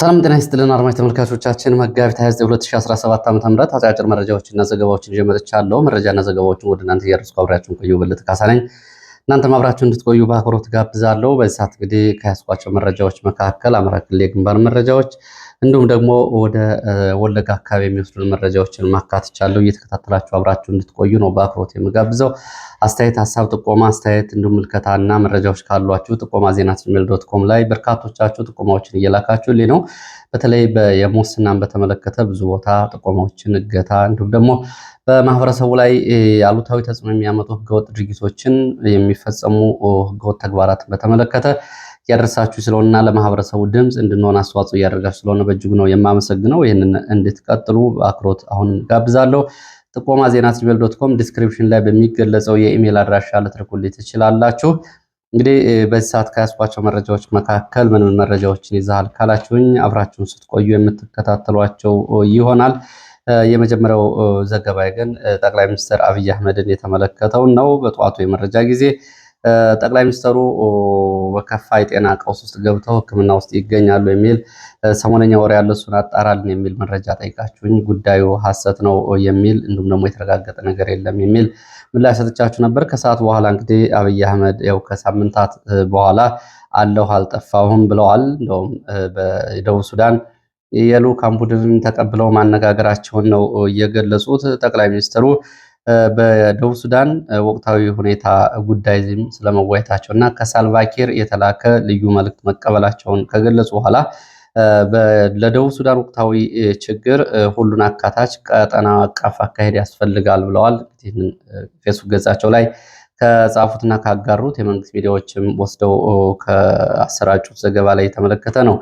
ሰላም ጤና ይስጥልን አድማጭ ተመልካቾቻችን፣ መጋቢት 29 2017 ዓ.ም ተምራት አጫጭር መረጃዎችና ዘገባዎችን ይዤ መጥቻለሁ። መረጃና ዘገባዎችን ወደ እናንተ እያደረስኩ አብሬያችሁን ቆዩ። በለጠ ካሳ ነኝ። እናንተም አብራችሁን እንድትቆዩ በአክብሮት ጋብዛለሁ። በዚህ ሰዓት እንግዲህ ከያዝኳቸው መረጃዎች መካከል አማራ ክልል የግንባር መረጃዎች እንዲሁም ደግሞ ወደ ወለጋ አካባቢ የሚወስዱን መረጃዎችን ማካት ማካትቻለሁ። እየተከታተላችሁ አብራችሁ እንድትቆዩ ነው በአክብሮት የምጋብዘው። አስተያየት፣ ሀሳብ፣ ጥቆማ፣ አስተያየት እንዲሁም ምልከታ እና መረጃዎች ካሏችሁ ጥቆማ ዜና ጂሜል ዶት ኮም ላይ በርካቶቻችሁ ጥቆማዎችን እየላካችሁልኝ ነው። በተለይ የሙስናን በተመለከተ ብዙ ቦታ ጥቆማዎችን፣ እገታ እንዲሁም ደግሞ በማህበረሰቡ ላይ አሉታዊ ተጽዕኖ የሚያመጡ ህገወጥ ድርጊቶችን የሚፈጸሙ ህገወጥ ተግባራትን በተመለከተ እያደረሳችሁ ስለሆነና ለማህበረሰቡ ድምፅ እንድንሆን አስተዋጽኦ እያደረጋችሁ ስለሆነ በእጅጉ ነው የማመሰግነው። ይህንን እንድትቀጥሉ በአክሮት አሁን ጋብዛለሁ። ጥቆማ ዜና ጂሜል ዶት ኮም ዲስክሪፕሽን ላይ በሚገለጸው የኢሜይል አድራሻ ልትልኩልኝ ትችላላችሁ። እንግዲህ በዚህ ሰዓት ከያስኳቸው መረጃዎች መካከል ምን ምን መረጃዎችን ይዛሃል ካላችሁኝ አብራችሁን ስትቆዩ የምትከታተሏቸው ይሆናል። የመጀመሪያው ዘገባ ግን ጠቅላይ ሚኒስትር አብይ አህመድን የተመለከተውን ነው። በጠዋቱ የመረጃ ጊዜ ጠቅላይ ሚኒስትሩ በከፋ የጤና ቀውስ ውስጥ ገብተው ሕክምና ውስጥ ይገኛሉ የሚል ሰሞነኛ ወሬ ያለ እሱን አጣራልን የሚል መረጃ ጠይቃችሁኝ ጉዳዩ ሀሰት ነው የሚል እንዲሁም ደግሞ የተረጋገጠ ነገር የለም የሚል ምላሽ ሰጥቻችሁ ነበር። ከሰዓት በኋላ እንግዲህ አብይ አህመድ ያው ከሳምንታት በኋላ አለሁ አልጠፋሁም ብለዋል። እንደውም በደቡብ ሱዳን የልዑካን ቡድንን ተቀብለው ማነጋገራቸውን ነው እየገለጹት ጠቅላይ ሚኒስትሩ በደቡብ ሱዳን ወቅታዊ ሁኔታ ጉዳይ ዚህም ስለመወያየታቸው እና ከሳልቫኪር የተላከ ልዩ መልእክት መቀበላቸውን ከገለጹ በኋላ ለደቡብ ሱዳን ወቅታዊ ችግር ሁሉን አካታች ቀጠና አቀፍ አካሄድ ያስፈልጋል ብለዋል። ፌስቡክ ገጻቸው ላይ ከጻፉትና ካጋሩት የመንግስት ሚዲያዎችም ወስደው ከአሰራጩት ዘገባ ላይ የተመለከተ ነው።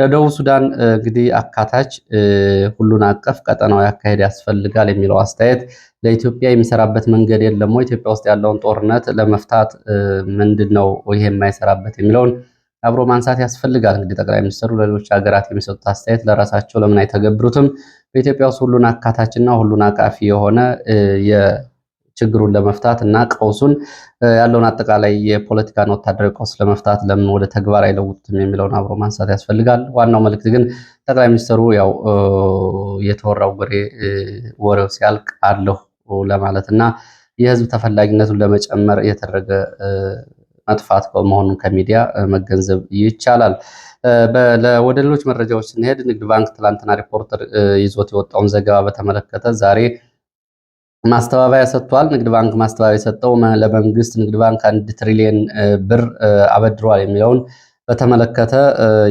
ለደቡብ ሱዳን እንግዲህ አካታች ሁሉን አቀፍ ቀጠናዊ አካሄድ ያስፈልጋል የሚለው አስተያየት ለኢትዮጵያ የሚሰራበት መንገድ የለም ወይ? ኢትዮጵያ ውስጥ ያለውን ጦርነት ለመፍታት ምንድን ነው ይሄ የማይሰራበት የሚለውን አብሮ ማንሳት ያስፈልጋል። እንግዲህ ጠቅላይ ሚኒስትሩ ለሌሎች ሀገራት የሚሰጡት አስተያየት ለራሳቸው ለምን አይተገብሩትም? በኢትዮጵያ ውስጥ ሁሉን አካታችና ሁሉን አቃፊ የሆነ ችግሩን ለመፍታት እና ቀውሱን ያለውን አጠቃላይ የፖለቲካና ወታደራዊ ቀውስ ለመፍታት ለምን ወደ ተግባር አይለውጡትም የሚለውን አብሮ ማንሳት ያስፈልጋል። ዋናው መልእክት ግን ጠቅላይ ሚኒስትሩ ያው የተወራው ወሬ ወሬው ሲያልቅ አለሁ ለማለት እና የህዝብ ተፈላጊነቱን ለመጨመር የተደረገ መጥፋት መሆኑን ከሚዲያ መገንዘብ ይቻላል። ወደ ሌሎች መረጃዎች ስንሄድ ንግድ ባንክ ትላንትና ሪፖርተር ይዞት የወጣውን ዘገባ በተመለከተ ዛሬ ማስተባበያ ሰጥቷል። ንግድ ባንክ ማስተባበያ የሰጠው ለመንግስት ንግድ ባንክ አንድ ትሪሊየን ብር አበድሯል የሚለውን በተመለከተ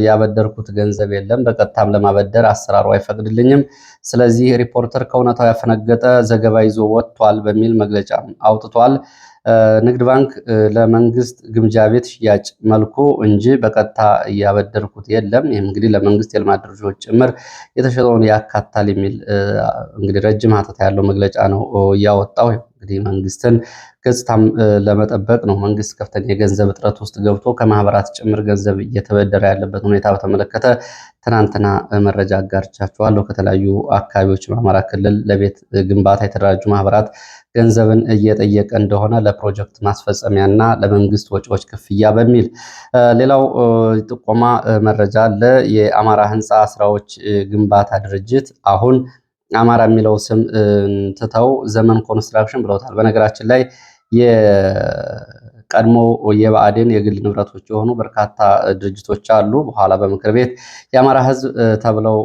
ያበደርኩት ገንዘብ የለም፣ በቀጥታም ለማበደር አሰራሩ አይፈቅድልኝም። ስለዚህ ሪፖርተር ከእውነታው ያፈነገጠ ዘገባ ይዞ ወጥቷል በሚል መግለጫ አውጥቷል። ንግድ ባንክ ለመንግስት ግምጃ ቤት ሽያጭ መልኩ እንጂ በቀጥታ እያበደርኩት የለም። ይህም እንግዲህ ለመንግስት የልማት ድርጅቶች ጭምር የተሸጠውን ያካታል የሚል እንግዲህ ረጅም ሀተታ ያለው መግለጫ ነው እያወጣው። እንግዲህ መንግስትን ገጽታም ለመጠበቅ ነው። መንግስት ከፍተኛ የገንዘብ እጥረት ውስጥ ገብቶ ከማህበራት ጭምር ገንዘብ እየተበደረ ያለበት ሁኔታ በተመለከተ ትናንትና መረጃ አጋርቻችኋለሁ። ከተለያዩ አካባቢዎች በአማራ ክልል ለቤት ግንባታ የተደራጁ ማህበራት ገንዘብን እየጠየቀ እንደሆነ ለፕሮጀክት ማስፈጸሚያ እና ለመንግስት ወጪዎች ክፍያ በሚል ሌላው ጥቆማ መረጃ አለ። የአማራ ህንፃ ስራዎች ግንባታ ድርጅት አሁን አማራ የሚለው ስም ትተው ዘመን ኮንስትራክሽን ብለውታል። በነገራችን ላይ ቀድሞ የብአዴን የግል ንብረቶች የሆኑ በርካታ ድርጅቶች አሉ። በኋላ በምክር ቤት የአማራ ህዝብ ተብለው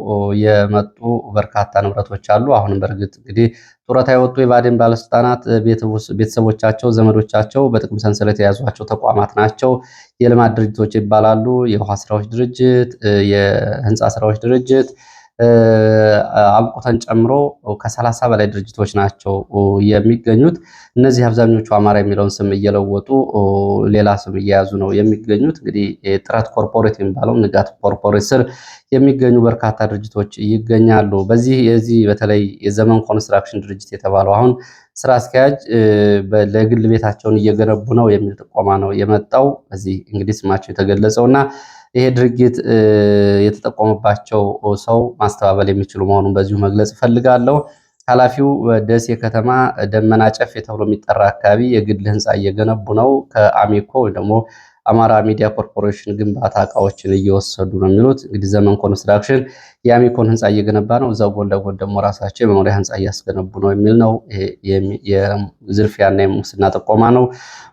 የመጡ በርካታ ንብረቶች አሉ። አሁንም በእርግጥ እንግዲህ ጡረታ የወጡ የብአዴን ባለስልጣናት ቤተሰቦቻቸው፣ ዘመዶቻቸው በጥቅም ሰንሰለት የያዟቸው ተቋማት ናቸው። የልማት ድርጅቶች ይባላሉ። የውሃ ስራዎች ድርጅት፣ የህንፃ ስራዎች ድርጅት አብቁተን ጨምሮ ከሰላሳ በላይ ድርጅቶች ናቸው የሚገኙት። እነዚህ አብዛኞቹ አማራ የሚለውን ስም እየለወጡ ሌላ ስም እየያዙ ነው የሚገኙት። እንግዲህ ጥረት ኮርፖሬት የሚባለው ንጋት ኮርፖሬት ስር የሚገኙ በርካታ ድርጅቶች ይገኛሉ። በዚህ የዚህ በተለይ የዘመን ኮንስትራክሽን ድርጅት የተባለው አሁን ስራ አስኪያጅ ለግል ቤታቸውን እየገነቡ ነው የሚል ጥቆማ ነው የመጣው። በዚህ እንግዲህ ስማቸው የተገለጸውና ይሄ ድርጊት የተጠቆመባቸው ሰው ማስተባበል የሚችሉ መሆኑን በዚሁ መግለጽ እፈልጋለሁ። ኃላፊው ደሴ ከተማ ደመና ጨፌ ተብሎ የሚጠራ አካባቢ የግል ህንፃ እየገነቡ ነው። ከአሚኮ ወይም ደግሞ አማራ ሚዲያ ኮርፖሬሽን ግንባታ እቃዎችን እየወሰዱ ነው የሚሉት። እንግዲህ ዘመን ኮንስትራክሽን የአሚኮን ህንፃ እየገነባ ነው፣ እዛው ጎን ለጎን ደግሞ ራሳቸው የመኖሪያ ህንፃ እያስገነቡ ነው የሚል ነው። የዝርፊያና የሙስና ጥቆማ ነው።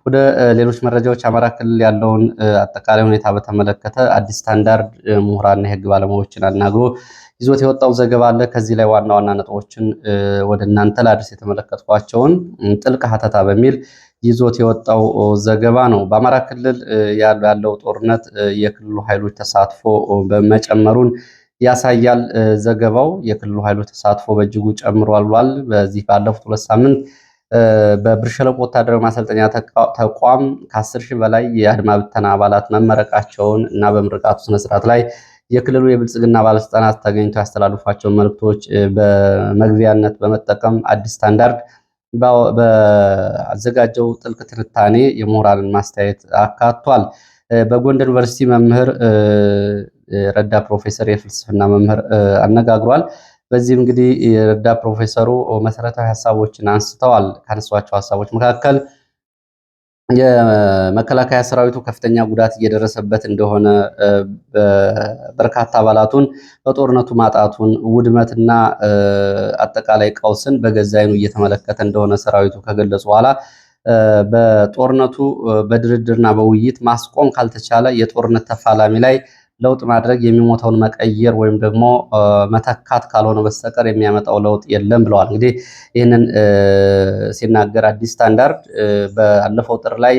ወደ ሌሎች መረጃዎች፣ አማራ ክልል ያለውን አጠቃላይ ሁኔታ በተመለከተ አዲስ ስታንዳርድ ምሁራንና የህግ ባለሙያዎችን አናግሮ ይዞት የወጣው ዘገባ አለ። ከዚህ ላይ ዋና ዋና ነጥቦችን ወደ እናንተ ላድርስ የተመለከትኳቸውን ጥልቅ ሀተታ በሚል ይዞት የወጣው ዘገባ ነው። በአማራ ክልል ያለው ጦርነት የክልሉ ኃይሎች ተሳትፎ በመጨመሩን ያሳያል ዘገባው። የክልሉ ኃይሎች ተሳትፎ በእጅጉ ጨምሯል። በዚህ ባለፉት ሁለት ሳምንት በብርሸለቆ ወታደራዊ ማሰልጠኛ ተቋም ከአስር ሺህ በላይ የአድማ ብተና አባላት መመረቃቸውን እና በምርቃቱ ስነስርዓት ላይ የክልሉ የብልጽግና ባለስልጣናት ተገኝተው ያስተላልፏቸውን መልእክቶች በመግቢያነት በመጠቀም አዲስ ስታንዳርድ በአዘጋጀው ጥልቅ ትንታኔ የምሁራንን ማስተያየት አካቷል። በጎንደር ዩኒቨርሲቲ መምህር ረዳ ፕሮፌሰር የፍልስፍና መምህር አነጋግሯል። በዚህም እንግዲህ ረዳ ፕሮፌሰሩ መሰረታዊ ሀሳቦችን አንስተዋል። ካነሷቸው ሀሳቦች መካከል የመከላከያ ሰራዊቱ ከፍተኛ ጉዳት እየደረሰበት እንደሆነ በርካታ አባላቱን በጦርነቱ ማጣቱን ውድመትና አጠቃላይ ቀውስን በገዛ አይኑ እየተመለከተ እንደሆነ ሰራዊቱ ከገለጹ በኋላ በጦርነቱ በድርድርና በውይይት ማስቆም ካልተቻለ የጦርነት ተፋላሚ ላይ ለውጥ ማድረግ የሚሞተውን መቀየር ወይም ደግሞ መተካት ካልሆነ በስተቀር የሚያመጣው ለውጥ የለም ብለዋል። እንግዲህ ይህንን ሲናገር አዲስ ስታንዳርድ ባለፈው ጥር ላይ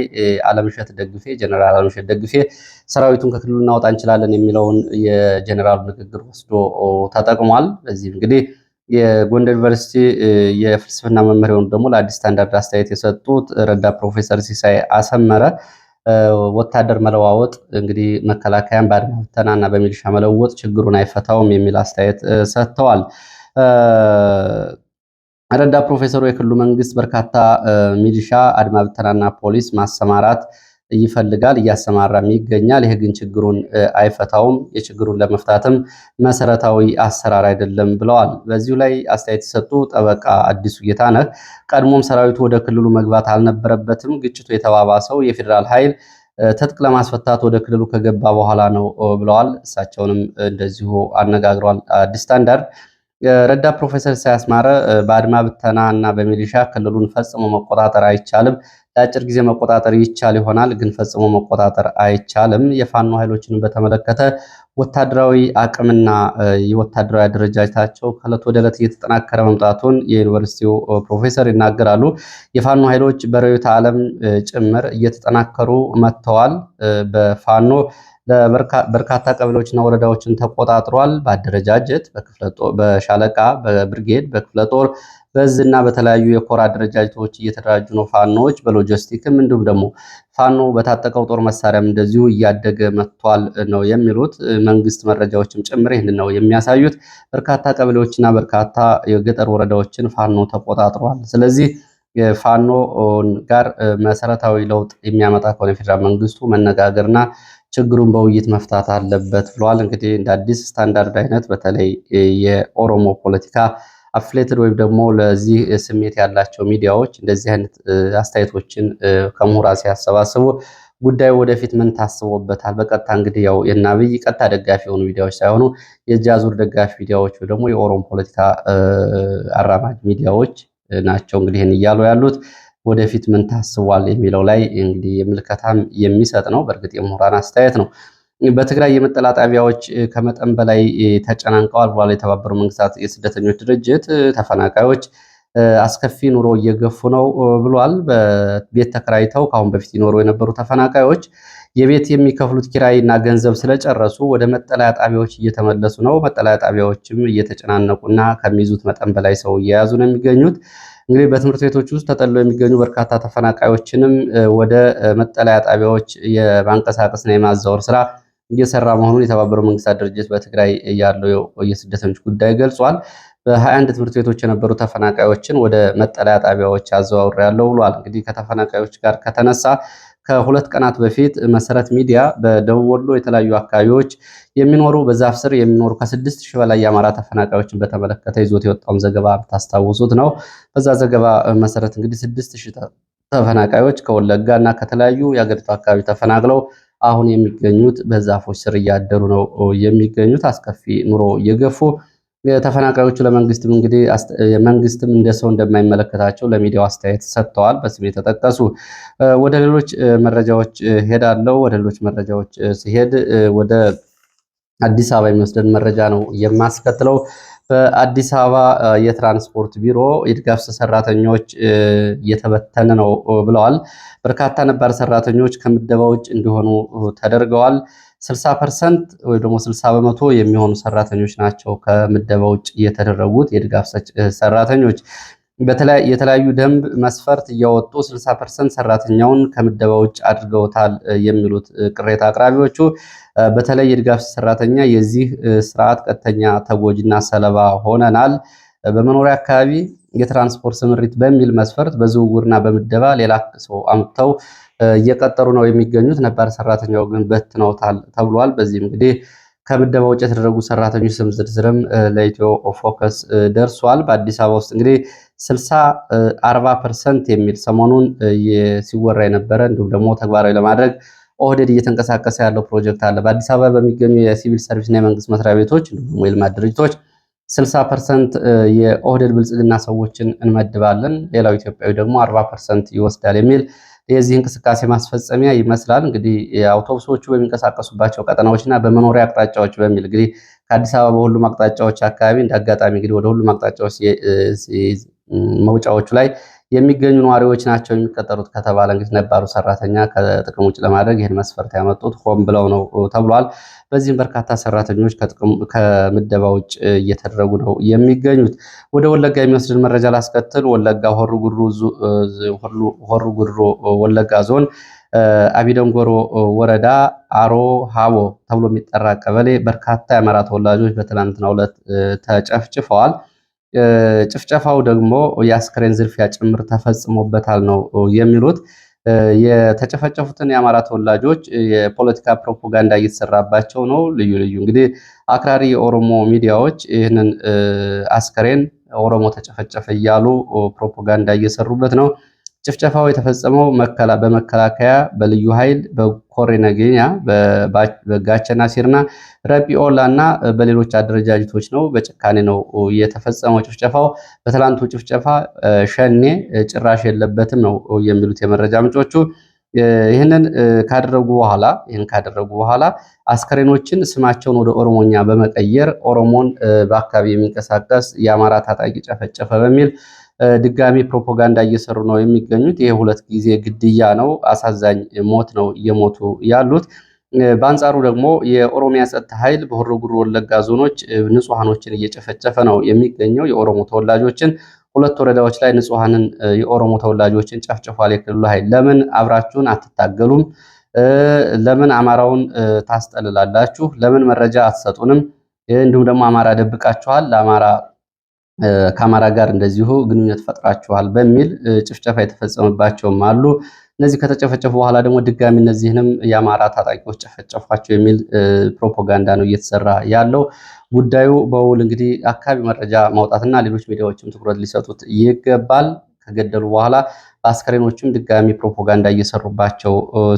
አለምሸት ደግፌ ጀነራል አለምሸት ደግፌ ሰራዊቱን ከክልሉ እናወጣ እንችላለን የሚለውን የጀነራሉ ንግግር ወስዶ ተጠቅሟል። በዚህም እንግዲህ የጎንደር ዩኒቨርሲቲ የፍልስፍና መምህር የሆኑ ደግሞ ለአዲስ ስታንዳርድ አስተያየት የሰጡት ረዳት ፕሮፌሰር ሲሳይ አሰመረ ወታደር መለዋወጥ እንግዲህ መከላከያን በአድማ ብተናና በሚሊሻ መለወጥ ችግሩን አይፈታውም የሚል አስተያየት ሰጥተዋል። ረዳ ፕሮፌሰሩ የክልሉ መንግስት በርካታ ሚሊሻ አድማ ብተናና ፖሊስ ማሰማራት ይፈልጋል፣ እያሰማራም ይገኛል። ይሄ ግን ችግሩን አይፈታውም፣ የችግሩን ለመፍታትም መሰረታዊ አሰራር አይደለም ብለዋል። በዚሁ ላይ አስተያየት የሰጡ ጠበቃ አዲሱ ነህ ቀድሞም ሰራዊቱ ወደ ክልሉ መግባት አልነበረበትም፣ ግጭቱ የተባባሰው የፌዴራል ኃይል ትጥቅ ለማስፈታት ወደ ክልሉ ከገባ በኋላ ነው ብለዋል። እሳቸውንም እንደዚሁ አነጋግሯል። አዲስ ስታንዳርድ ረዳት ፕሮፌሰር ሳያስማረ በአድማ ብተና እና በሚሊሻ ክልሉን ፈጽሞ መቆጣጠር አይቻልም ለአጭር ጊዜ መቆጣጠር ይቻል ይሆናል፣ ግን ፈጽሞ መቆጣጠር አይቻልም። የፋኖ ኃይሎችን በተመለከተ ወታደራዊ አቅምና የወታደራዊ አደረጃጀታቸው ከእለት ወደ እለት እየተጠናከረ መምጣቱን የዩኒቨርሲቲው ፕሮፌሰር ይናገራሉ። የፋኖ ኃይሎች በርዕዮተ ዓለም ጭምር እየተጠናከሩ መጥተዋል። በፋኖ በርካታ ቀበሌዎችና ወረዳዎችን ተቆጣጥሯል። በአደረጃጀት በሻለቃ፣ በብርጌድ፣ በክፍለ ጦር በዝና በተለያዩ የኮር አደረጃጀቶች እየተደራጁ ነው ፋኖዎች በሎጂስቲክም እንዲሁም ደግሞ ፋኖ በታጠቀው ጦር መሳሪያም እንደዚሁ እያደገ መጥቷል ነው የሚሉት መንግስት መረጃዎችም ጭምር ይህን ነው የሚያሳዩት። በርካታ ቀበሌዎችና በርካታ የገጠር ወረዳዎችን ፋኖ ተቆጣጥሯል። ስለዚህ የፋኖ ጋር መሰረታዊ ለውጥ የሚያመጣ ከሆነ የፌዴራል መንግስቱ መነጋገርና ችግሩን በውይይት መፍታት አለበት ብሏል። እንግዲህ እንደ አዲስ ስታንዳርድ አይነት በተለይ የኦሮሞ ፖለቲካ አፍሌትድ ወይም ደግሞ ለዚህ ስሜት ያላቸው ሚዲያዎች እንደዚህ አይነት አስተያየቶችን ከምሁራ ሲያሰባስቡ ጉዳዩ ወደፊት ምን ታስቦበታል? በቀጥታ እንግዲህ ያው የአብይ ቀጥታ ደጋፊ የሆኑ ሚዲያዎች ሳይሆኑ የጃዙር ደጋፊ ሚዲያዎች ወይ ደግሞ የኦሮሞ ፖለቲካ አራማጅ ሚዲያዎች ናቸው እንግዲህ እያሉ ያሉት። ወደፊት ምን ታስቧል የሚለው ላይ እንግዲህ የምልከታም የሚሰጥ ነው። በእርግጥ የምሁራን አስተያየት ነው። በትግራይ የመጠላ ጣቢያዎች ከመጠን በላይ ተጨናንቀዋል ብሏል የተባበሩ መንግስታት የስደተኞች ድርጅት። ተፈናቃዮች አስከፊ ኑሮ እየገፉ ነው ብሏል። በቤት ተከራይተው ከአሁን በፊት ይኖሩ የነበሩ ተፈናቃዮች የቤት የሚከፍሉት እና ገንዘብ ስለጨረሱ ወደ መጠለያ ጣቢያዎች እየተመለሱ ነው። መጠለያ ጣቢያዎችም እየተጨናነቁና ከሚይዙት መጠን በላይ ሰው እየያዙ ነው የሚገኙት። እንግዲህ በትምህርት ቤቶች ውስጥ ተጠልለው የሚገኙ በርካታ ተፈናቃዮችንም ወደ መጠለያ ጣቢያዎች የማንቀሳቀስና የማዛወር ስራ እየሰራ መሆኑን የተባበሩ መንግስታት ድርጅት በትግራይ ያለው የስደተኞች ጉዳይ ገልጿል። በ21 ትምህርት ቤቶች የነበሩ ተፈናቃዮችን ወደ መጠለያ ጣቢያዎች አዘዋውሬ ያለው ብሏል። እንግዲህ ከተፈናቃዮች ጋር ከተነሳ ከሁለት ቀናት በፊት መሰረት ሚዲያ በደቡብ ወሎ የተለያዩ አካባቢዎች የሚኖሩ በዛፍ ስር የሚኖሩ ከስድስት ሺህ በላይ የአማራ ተፈናቃዮችን በተመለከተ ይዞት የወጣውን ዘገባ ታስታውሱት ነው። በዛ ዘገባ መሰረት እንግዲህ ስድስት ሺህ ተፈናቃዮች ከወለጋ እና ከተለያዩ የአገሪቱ አካባቢ ተፈናቅለው አሁን የሚገኙት በዛፎች ስር እያደሩ ነው የሚገኙት። አስከፊ ኑሮ እየገፉ ተፈናቃዮቹ ለመንግስትም እንግዲህ መንግስትም እንደ ሰው እንደማይመለከታቸው ለሚዲያው አስተያየት ሰጥተዋል። በስም የተጠቀሱ ወደ ሌሎች መረጃዎች ሄዳለው። ወደ ሌሎች መረጃዎች ሲሄድ ወደ አዲስ አበባ የሚወስደን መረጃ ነው የማስከትለው። በአዲስ አበባ የትራንስፖርት ቢሮ የድጋፍ ሰራተኞች እየተበተነ ነው ብለዋል። በርካታ ነባር ሰራተኞች ከምደባ ውጭ እንዲሆኑ ተደርገዋል። 60 ፐርሰንት ወይ ደግሞ 60 በመቶ የሚሆኑ ሰራተኞች ናቸው ከምደባ ውጭ እየተደረጉት የድጋፍ ሰራተኞች የተለያዩ ደንብ መስፈርት እያወጡ 60 ፐርሰንት ሰራተኛውን ከምደባ ውጭ አድርገውታል የሚሉት ቅሬታ አቅራቢዎቹ በተለይ የድጋፍ ሰራተኛ የዚህ ስርዓት ቀጥተኛ ተጎጂና ሰለባ ሆነናል። በመኖሪያ አካባቢ የትራንስፖርት ስምሪት በሚል መስፈርት በዝውውርና በምደባ ሌላ ሰው አምጥተው እየቀጠሩ ነው የሚገኙት። ነባር ሰራተኛው ግን በትነውታል ተብሏል። በዚህም እንግዲህ ከምደባ ውጭ የተደረጉ ሰራተኞች ስም ዝርዝርም ለኢትዮ ፎከስ ደርሷል። በአዲስ አበባ ውስጥ እንግዲህ ስልሳ አርባ ፐርሰንት የሚል ሰሞኑን ሲወራ የነበረ እንዲሁም ደግሞ ተግባራዊ ለማድረግ ኦህዴድ እየተንቀሳቀሰ ያለው ፕሮጀክት አለ። በአዲስ አበባ በሚገኙ የሲቪል እና የመንግስት መስሪያ ቤቶች እንዲሁም የልማት ድርጅቶች ስልሳ ፐርሰንት የኦህዴድ ብልጽግና ሰዎችን እንመድባለን፣ ሌላው ኢትዮጵያዊ ደግሞ አርባ ፐርሰንት ይወስዳል የሚል የዚህ እንቅስቃሴ ማስፈጸሚያ ይመስላል። እንግዲህ አውቶቡሶቹ በሚንቀሳቀሱባቸው ቀጠናዎችና በመኖሪያ አቅጣጫዎች በሚል እንግዲህ ከአዲስ አበባ በሁሉም አቅጣጫዎች አካባቢ እንደ አጋጣሚ እንግዲህ ወደ ሁሉም አቅጣጫዎች መውጫዎቹ ላይ የሚገኙ ነዋሪዎች ናቸው የሚቀጠሩት ከተባለ እንግዲህ ነባሩ ሰራተኛ ከጥቅም ውጭ ለማድረግ ይህን መስፈርት ያመጡት ሆን ብለው ነው ተብሏል። በዚህም በርካታ ሰራተኞች ከምደባ ውጭ እየተደረጉ ነው የሚገኙት። ወደ ወለጋ የሚወስድን መረጃ ላስከትል። ወለጋ ሆሩ ጉድሩ ወለጋ ዞን አቢደንጎሮ ወረዳ አሮ ሃቦ ተብሎ የሚጠራ ቀበሌ በርካታ የአማራ ተወላጆች በትናንትናው ዕለት ተጨፍጭፈዋል። ጭፍጨፋው ደግሞ የአስከሬን ዝርፊያ ጭምር ተፈጽሞበታል ነው የሚሉት። የተጨፈጨፉትን የአማራ ተወላጆች የፖለቲካ ፕሮፓጋንዳ እየተሰራባቸው ነው። ልዩ ልዩ እንግዲህ አክራሪ የኦሮሞ ሚዲያዎች ይህንን አስከሬን ኦሮሞ ተጨፈጨፈ እያሉ ፕሮፓጋንዳ እየሰሩበት ነው። ጭፍጨፋው የተፈጸመው በመከላከያ በልዩ ኃይል በኮሬ ነገኛ በጋቸና ሲርና ረቢኦላ እና በሌሎች አደረጃጀቶች ነው። በጭካኔ ነው የተፈጸመው ጭፍጨፋው። በትላንቱ ጭፍጨፋ ሸኔ ጭራሽ የለበትም ነው የሚሉት የመረጃ ምንጮቹ። ይህንን ካደረጉ በኋላ ይህን ካደረጉ በኋላ አስከሬኖችን ስማቸውን ወደ ኦሮሞኛ በመቀየር ኦሮሞን በአካባቢ የሚንቀሳቀስ የአማራ ታጣቂ ጨፈጨፈ በሚል ድጋሚ ፕሮፓጋንዳ እየሰሩ ነው የሚገኙት። ይሄ ሁለት ጊዜ ግድያ ነው፣ አሳዛኝ ሞት ነው እየሞቱ ያሉት። በአንጻሩ ደግሞ የኦሮሚያ ጸጥታ ኃይል በሆሮ ወለጋ ዞኖች ንጹሐኖችን እየጨፈጨፈ ነው የሚገኘው የኦሮሞ ተወላጆችን ሁለት ወረዳዎች ላይ ንጹሐንን የኦሮሞ ተወላጆችን ጨፍጭፏል። የክልሉ ኃይል ለምን አብራችሁን አትታገሉም? ለምን አማራውን ታስጠልላላችሁ? ለምን መረጃ አትሰጡንም? እንዲሁም ደግሞ አማራ ደብቃችኋል፣ ለአማራ ከአማራ ጋር እንደዚሁ ግንኙነት ፈጥራችኋል በሚል ጭፍጨፋ የተፈጸመባቸውም አሉ። እነዚህ ከተጨፈጨፉ በኋላ ደግሞ ድጋሚ እነዚህንም የአማራ ታጣቂዎች ጨፈጨፏቸው የሚል ፕሮፓጋንዳ ነው እየተሰራ ያለው። ጉዳዩ በውል እንግዲህ አካባቢ መረጃ ማውጣትና ሌሎች ሚዲያዎችም ትኩረት ሊሰጡት ይገባል። ከገደሉ በኋላ በአስከሬኖችም ድጋሚ ፕሮፓጋንዳ እየሰሩባቸው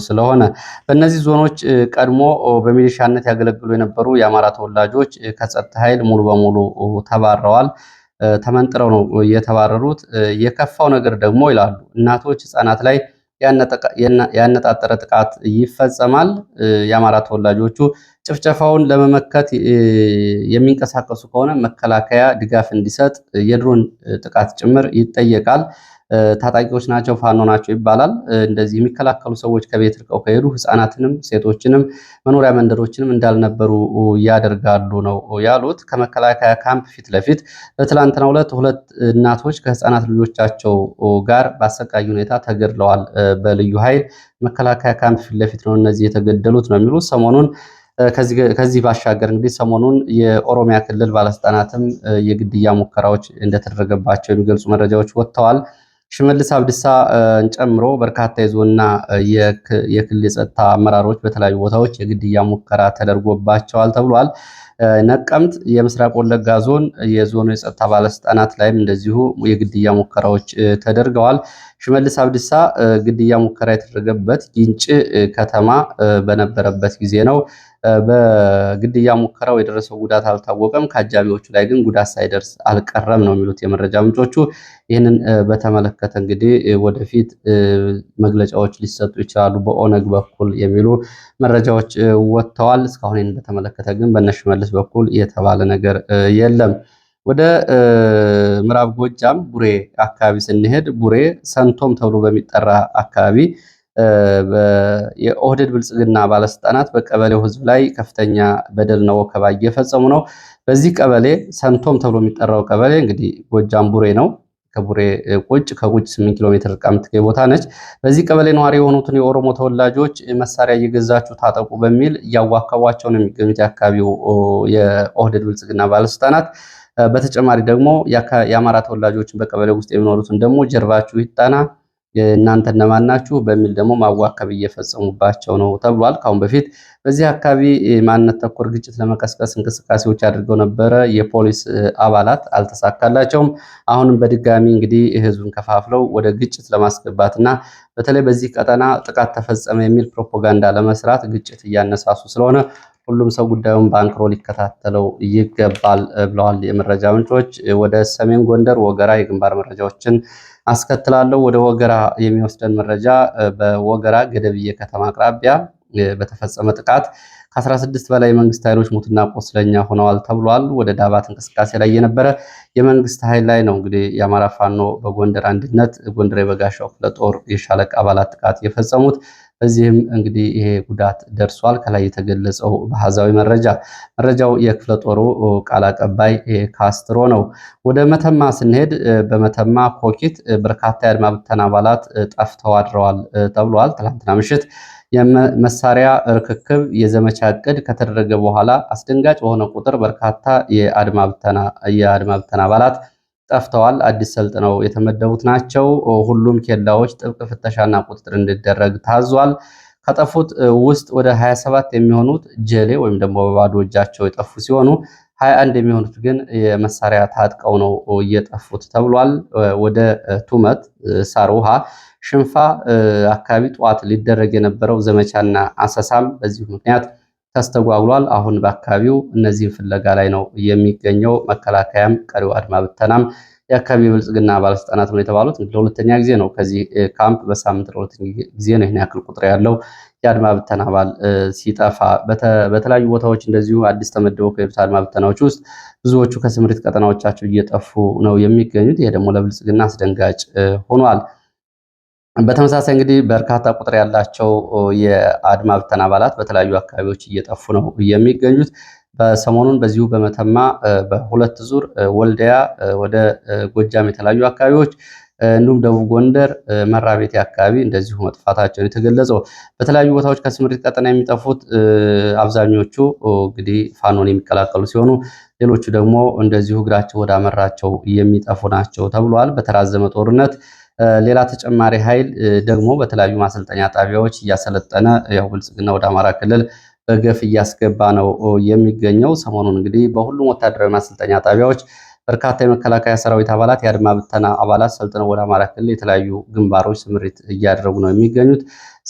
ስለሆነ በእነዚህ ዞኖች ቀድሞ በሚሊሻነት ያገለግሉ የነበሩ የአማራ ተወላጆች ከጸጥታ ኃይል ሙሉ በሙሉ ተባረዋል። ተመንጥረው ነው የተባረሩት። የከፋው ነገር ደግሞ ይላሉ እናቶች ህፃናት ላይ ያነጣጠረ ጥቃት ይፈጸማል። የአማራ ተወላጆቹ ጭፍጨፋውን ለመመከት የሚንቀሳቀሱ ከሆነ መከላከያ ድጋፍ እንዲሰጥ የድሮን ጥቃት ጭምር ይጠየቃል። ታጣቂዎች ናቸው፣ ፋኖ ናቸው ይባላል። እንደዚህ የሚከላከሉ ሰዎች ከቤት ርቀው ከሄዱ ህፃናትንም ሴቶችንም መኖሪያ መንደሮችንም እንዳልነበሩ ያደርጋሉ ነው ያሉት። ከመከላከያ ካምፕ ፊት ለፊት በትላንትናው ዕለት ሁለት እናቶች ከህፃናት ልጆቻቸው ጋር በአሰቃቂ ሁኔታ ተገድለዋል በልዩ ኃይል መከላከያ ካምፕ ፊት ለፊት ነው እነዚህ የተገደሉት ነው የሚሉት ሰሞኑን ከዚህ ባሻገር እንግዲህ ሰሞኑን የኦሮሚያ ክልል ባለስልጣናትም የግድያ ሙከራዎች እንደተደረገባቸው የሚገልጹ መረጃዎች ወጥተዋል። ሽመልስ አብድሳ ጨምሮ በርካታ የዞንና የክልል የጸጥታ አመራሮች በተለያዩ ቦታዎች የግድያ ሙከራ ተደርጎባቸዋል ተብሏል። ነቀምት የምስራቅ ወለጋ ዞን የዞኑ የጸጥታ ባለስልጣናት ላይም እንደዚሁ የግድያ ሙከራዎች ተደርገዋል። ሽመልስ አብዲሳ ግድያ ሙከራ የተደረገበት ግንጭ ከተማ በነበረበት ጊዜ ነው። በግድያ ሙከራው የደረሰው ጉዳት አልታወቀም። ከአጃቢዎቹ ላይ ግን ጉዳት ሳይደርስ አልቀረም ነው የሚሉት የመረጃ ምንጮቹ። ይህንን በተመለከተ እንግዲህ ወደፊት መግለጫዎች ሊሰጡ ይችላሉ በኦነግ በኩል የሚሉ መረጃዎች ወጥተዋል። እስካሁን ይህንን በተመለከተ ግን በነሽመልስ በኩል የተባለ ነገር የለም። ወደ ምዕራብ ጎጃም ቡሬ አካባቢ ስንሄድ ቡሬ ሰንቶም ተብሎ በሚጠራ አካባቢ የኦህደድ ብልጽግና ባለስልጣናት በቀበሌው ህዝብ ላይ ከፍተኛ በደልና ወከባ እየፈጸሙ ነው። በዚህ ቀበሌ ሰንቶም ተብሎ የሚጠራው ቀበሌ እንግዲህ ጎጃም ቡሬ ነው። ከቡሬ ቁጭ ከቁጭ 8 ኪሎ ሜትር ርቃ የምትገኝ ቦታ ነች። በዚህ ቀበሌ ነዋሪ የሆኑትን የኦሮሞ ተወላጆች መሳሪያ እየገዛችሁ ታጠቁ በሚል እያዋከቧቸው ነው የሚገኙት የአካባቢው የኦህደድ ብልጽግና ባለስልጣናት በተጨማሪ ደግሞ የአማራ ተወላጆችን በቀበሌ ውስጥ የሚኖሩትን ደግሞ ጀርባችሁ ይጣና እናንተ እነማን ናችሁ በሚል ደግሞ ማዋከብ እየፈጸሙባቸው ነው ተብሏል። ካሁን በፊት በዚህ አካባቢ ማንነት ተኮር ግጭት ለመቀስቀስ እንቅስቃሴዎች አድርገው ነበረ። የፖሊስ አባላት አልተሳካላቸውም። አሁንም በድጋሚ እንግዲህ ህዝቡን ከፋፍለው ወደ ግጭት ለማስገባትና በተለይ በዚህ ቀጠና ጥቃት ተፈጸመ የሚል ፕሮፓጋንዳ ለመስራት ግጭት እያነሳሱ ስለሆነ ሁሉም ሰው ጉዳዩን በአንክሮ ሊከታተለው ይገባል ብለዋል የመረጃ ምንጮች። ወደ ሰሜን ጎንደር ወገራ የግንባር መረጃዎችን አስከትላለሁ። ወደ ወገራ የሚወስደን መረጃ በወገራ ገደብዬ ከተማ አቅራቢያ በተፈጸመ ጥቃት ከ16 በላይ የመንግስት ኃይሎች ሙትና ቆስለኛ ሆነዋል ተብሏል። ወደ ዳባት እንቅስቃሴ ላይ የነበረ የመንግስት ኃይል ላይ ነው እንግዲህ የአማራ ፋኖ በጎንደር አንድነት ጎንደር የበጋሻው ክፍለ ጦር የሻለቃ አባላት ጥቃት የፈጸሙት። በዚህም እንግዲህ ይሄ ጉዳት ደርሷል። ከላይ የተገለጸው ባህዛዊ መረጃ መረጃው የክፍለ ጦሩ ቃል አቀባይ ካስትሮ ነው። ወደ መተማ ስንሄድ በመተማ ኮኪት በርካታ የአድማ ብተና አባላት ጠፍተው አድረዋል ተብሏል። ትላንትና ምሽት የመሳሪያ ርክክብ የዘመቻ እቅድ ከተደረገ በኋላ አስደንጋጭ በሆነ ቁጥር በርካታ የአድማ ብተና አባላት ጠፍተዋል፣ አዲስ ሰልጥነው የተመደቡት ናቸው። ሁሉም ኬላዎች ጥብቅ ፍተሻና ቁጥጥር እንዲደረግ ታዟል። ከጠፉት ውስጥ ወደ 27 የሚሆኑት ጀሌ ወይም ደግሞ በባዶ እጃቸው የጠፉ ሲሆኑ 21 የሚሆኑት ግን የመሳሪያ ታጥቀው ነው እየጠፉት ተብሏል። ወደ ቱመት ሳር ውሃ ሽንፋ አካባቢ ጠዋት ሊደረግ የነበረው ዘመቻና አሰሳም በዚሁ ምክንያት ተስተጓጉሏል። አሁን በአካባቢው እነዚህን ፍለጋ ላይ ነው የሚገኘው። መከላከያም ቀሪው አድማ ብተናም የአካባቢ ብልጽግና ባለስልጣናት ነው የተባሉት። ለሁለተኛ ጊዜ ነው ከዚህ ካምፕ በሳምንት ለሁለተኛ ጊዜ ነው ይህን ያክል ቁጥር ያለው የአድማ ብተና አባል ሲጠፋ። በተለያዩ ቦታዎች እንደዚሁ አዲስ ተመድበው ከሄዱት አድማ ብተናዎች ውስጥ ብዙዎቹ ከስምሪት ቀጠናዎቻቸው እየጠፉ ነው የሚገኙት። ይሄ ደግሞ ለብልጽግና አስደንጋጭ ሆኗል። በተመሳሳይ እንግዲህ በርካታ ቁጥር ያላቸው የአድማ ብተና አባላት በተለያዩ አካባቢዎች እየጠፉ ነው የሚገኙት። በሰሞኑን በዚሁ በመተማ በሁለት ዙር ወልዲያ፣ ወደ ጎጃም የተለያዩ አካባቢዎች እንዲሁም ደቡብ ጎንደር መራቤቴ አካባቢ እንደዚሁ መጥፋታቸውን የተገለጸው በተለያዩ ቦታዎች ከስምሪት ቀጠና የሚጠፉት አብዛኞቹ እንግዲህ ፋኖን የሚቀላቀሉ ሲሆኑ ሌሎቹ ደግሞ እንደዚሁ እግራቸው ወዳመራቸው የሚጠፉ ናቸው ተብሏል። በተራዘመ ጦርነት ሌላ ተጨማሪ ኃይል ደግሞ በተለያዩ ማሰልጠኛ ጣቢያዎች እያሰለጠነ ያው ብልጽግና ወደ አማራ ክልል በገፍ እያስገባ ነው የሚገኘው። ሰሞኑን እንግዲህ በሁሉም ወታደራዊ ማሰልጠኛ ጣቢያዎች በርካታ የመከላከያ ሰራዊት አባላት የአድማ ብተና አባላት ሰልጥነው ወደ አማራ ክልል የተለያዩ ግንባሮች ስምሪት እያደረጉ ነው የሚገኙት።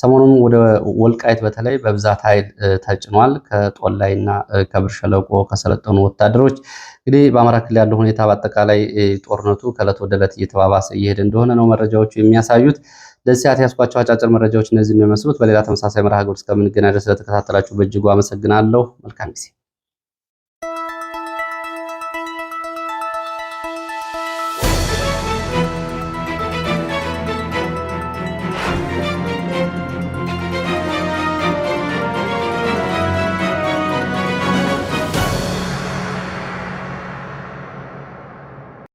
ሰሞኑን ወደ ወልቃይት በተለይ በብዛት ኃይል ተጭኗል። ከጦላይና ከብር ሸለቆ ከሰለጠኑ ወታደሮች እንግዲህ በአማራ ክልል ያለው ሁኔታ በአጠቃላይ ጦርነቱ ከእለት ወደ ለት እየተባባሰ እየሄደ እንደሆነ ነው መረጃዎቹ የሚያሳዩት። ለዚህ ሰዓት ያስኳቸው አጫጭር መረጃዎች እነዚህ የሚመስሉት። በሌላ ተመሳሳይ መርሃ ግብር እስከምንገናኝ ድረስ ስለተከታተላችሁ በእጅጉ አመሰግናለሁ። መልካም ጊዜ